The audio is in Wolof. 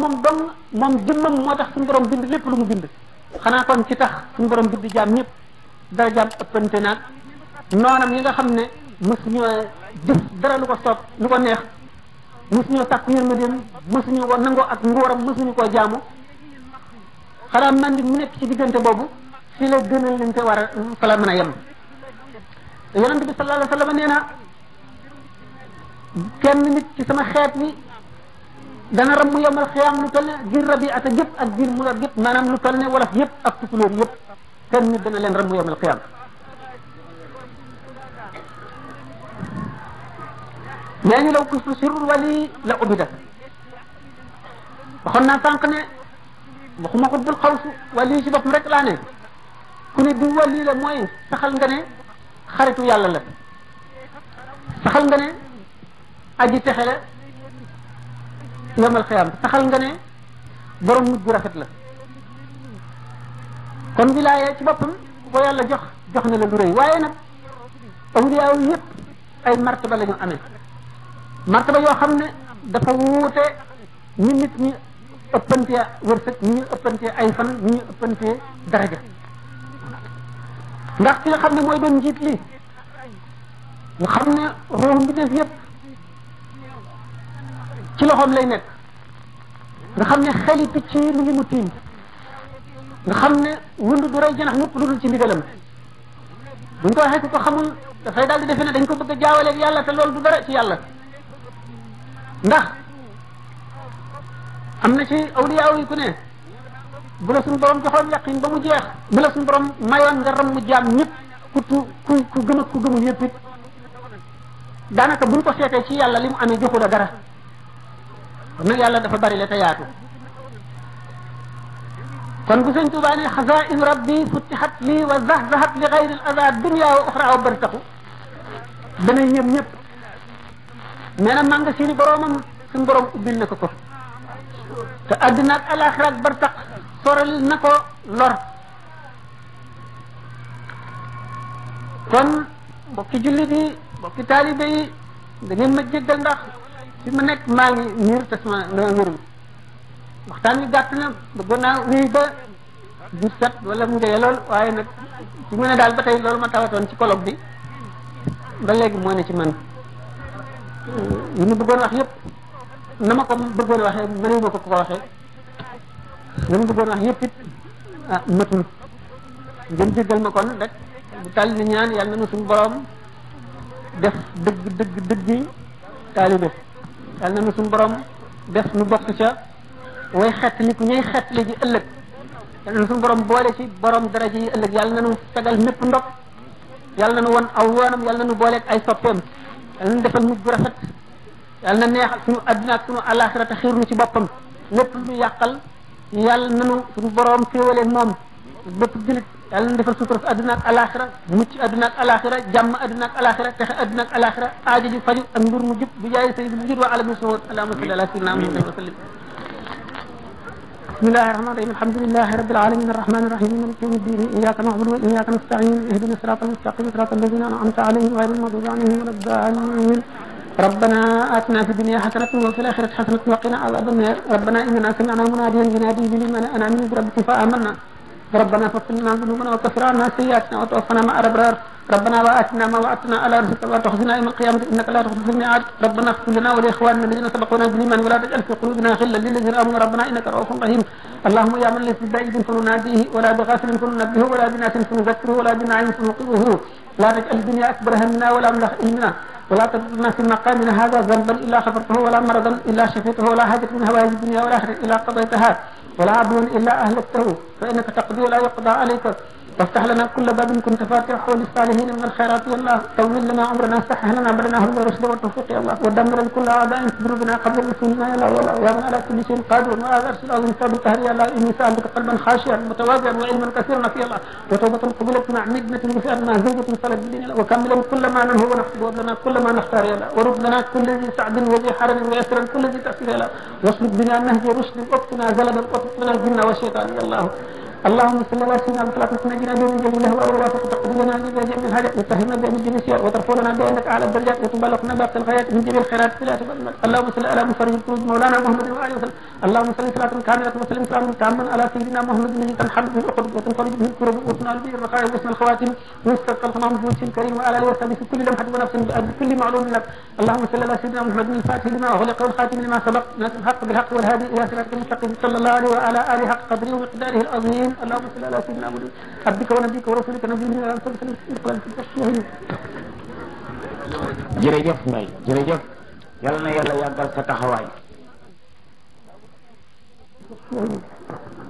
moom dong moom jëmmam moo tax suñu borom bind lépp lu mu bind xanaa kon ci tax suñu borom bind jaam ñépp dara jaam ëppante naag noonam yi nga xam ne mosuñoo jëf dara lu ko soob lu ko neex mosuñoo sàkku yërmandeem mosuñu ko nangoo ak nguuram mosuñu ko jaamu xanaa man di mu nekk ci diggante boobu fi la gënal leen te war a fa la mën a yem yonent bi sallallahu alayhi wa sallam nee na kenn nit ci sama xeet bi dana ramb yomal xiyaam lu toll gir rabi ata gépp ak gir mu mular gépp manam lu toll wala wolof yëpp ak tukulóor yëpp kenn ni dana len ramb yomal xiyaam nee ñu law kustu sirul wali la ubida waxon na tank ne waxuma ko bul khawsu wali ci bop rek la ne ku ne du wali la moy saxal nga ne xaritu yàlla la saxal nga ne aji texe yomal xiyam taxal nga ne borom nit bu rafet la kon wilaya ci boppam ko yàlla jox jox na la lu rëy waaye nag awliyaaw yépp ay martaba la ñu amee martaba yoo xam ne dafa wuute ni nit ñi ëppantee wërsëg ni ñu ëppantee ay fan ni ñu ëppantee daraja ndax ki nga xam ne mooy doon njiit li nga xam ne ruuxu def yépp ci lay nekk nga xam ne xeli picc yi ngi mu tiim nga xam ne wund du rey janax ñëpp lu dul ci ndigalam buñ ko waxee ku ko xamul dafay daal di defe ne dañ ko bëgg a jaawaleeg loolu du dara ci yàlla am na ci awliyaaw ku ne bu la suñu borom joxoon yaqin ba mu jeex bu la suñu borom mayoon nga ram mu jaam ñëpp ku ku ku gëm ak ku gëmul yëpp it daanaka ko seetee ci yàlla li mu amee joxu la dara من يالا دا فا بري لا تياتو كون بو سن توبا ني خزائن ربي فتحت لي وزهزهت لغير الاذى الدنيا واخرى وبرتخو دا ني نيب نيب نانا مانغا سيني بروم سن بروم اوبين نكو كو تا ادنا الاخره برتخ سورل نكو لور كون بوكي جولي دي بوكي طالب دي ني ما جيدال ناخ fi ma nekk maa ngi niir te sama dama waxtaan wi gàtt na bëggoon naa wéy ba du set wala mu jege lool waaye nag ci mu ne daal ba tey loolu ma tawatoon ci colloque bi ba léegi moo ne ci man yi ñu bëggoon wax yëpp na ma ko bëggoon waxee mënu ma ko ko waxee li bëggoon wax yëpp it ah matul ngeen jéggal ma kon rek bu tàll ñaan yàlla na suñu borom def dëgg dëgg dëgg taalibe yàlla na nu suñu borom def nu bokk ca way xett li ku ñuy xett li ji ëllëg yàlla na suñu borom boole ci borom daraja yi ëllëg yàlla na nu fegal népp ndox yàlla na nu won aw woonam yàlla na nu booleeg ay soppeem yàlla na defal mujj bu rafet yàlla na neexal suñu àddina ak suñu alaxira te xiir nu ci boppam lépp lu ñu yàqal yàlla na nu suñu borom féewale moom bépp julit yàlla na defal sutura aduna ak alaxira mucc aduna ak alaxira jàmm aduna ak alaxira texe aduna ak alaxira aajo ji faju ak mbir mu bu jaay wa sawat allahumma salli ala sayyidina muhammad wa sallim بسم الله الرحمن الرحيم الحمد لله رب العالمين الرحمن الرحيم مالك يوم الدين اياك نعبد واياك نستعين اهدنا الصراط المستقيم صراط الذين انعمت عليهم غير المغضوب عليهم ولا الضالين ربنا آتنا في الدنيا حسنة وفي الآخرة حسنة وقنا عذاب النار ربنا إننا سمعنا مناديا ينادي بالإيمان انا من ربك فآمنا ربنا فصلنا ذنوبنا وكفرنا سيئاتنا وتوفنا مع الابرار ربنا واتنا ما وعدتنا على رسلك ولا تخزنا يوم القيامه انك لا تخلف الميعاد ربنا اغفر لنا ولاخواننا الذين سبقونا بالايمان ولا تجعل في قلوبنا غلا للذين امنوا ربنا انك رؤوف رحيم اللهم يا من ليس بعيد فنناديه ولا بغافل فننبهه ولا بناس فنذكره ولا بنعيم فنوقظه لا تجعل الدنيا اكبر همنا ولا مبلغ علمنا ولا تجدنا في مقامنا هذا ذنبا الا خفرته ولا مرضا الا شفيته ولا حاجه من هواه الدنيا والاخره الا قضيتها ولا عبد إلا أهلكته فإنك تقضي لا يقضى عليك وافتح لنا كل باب كنت فاتحه للصالحين من الخيرات والله طول لنا عمرنا صحح لنا عمرنا هدى الرشد والتوفيق يا الله ودمر كل اعداء بذنوبنا قبل رسولنا يا الله يا من على كل شيء قادر ما عرش العظيم من قهر يا الله اني سالتك قلبا خاشعا متواضعا وعلما كثيرا في الله وتوبة قبلت مع مدنة وفئة زوجه صلت بدين الله وكمل كل ما ننهو ونحسب لنا كل ما نختار يا الله ورب لنا كل ذي سعد وذي حرم ويسرا كل ذي تأثير يا الله واسلك بنا نهج رشد واقتنا زلدا واطلق من والشيطان يا الله اللهم صل على سيدنا وصلاة نجنا به من جميع الاهواء ولا تقطع من جميع الحاجات وفهمنا به من جميع السيئات وترفعنا بانك اعلى الدرجات وتبلغنا باقي الغايات من جميع الخيرات فلا تبلغنا اللهم صل على مفرج الكروب مولانا محمد وعلى وسلم اللهم صل صلاة كاملة وسلم سلاما تاما على سيدنا محمد الذي تنحل به العقد وتنفرج به الكروب وتنال به الرخاء وحسن الخواتم ويسترقى القمام بوجه الكريم وعلى اله وصحبه في كل لمحة ونفس بكل معلوم لك اللهم صل على سيدنا محمد الفاتح لما اغلق والخاتم لما سبق ناصر الحق بالحق والهادي الى صراطك المستقيم صلى الله عليه وعلى اله حق قدره ومقداره العظيم وسلم اللهم صل على سيدنا محمد عبدك ونبيك ورسولك نبينا على صلى الله عليه وسلم jërëjëf Mbaye jërëjëf yal na yàlla yàggal sa taxawaay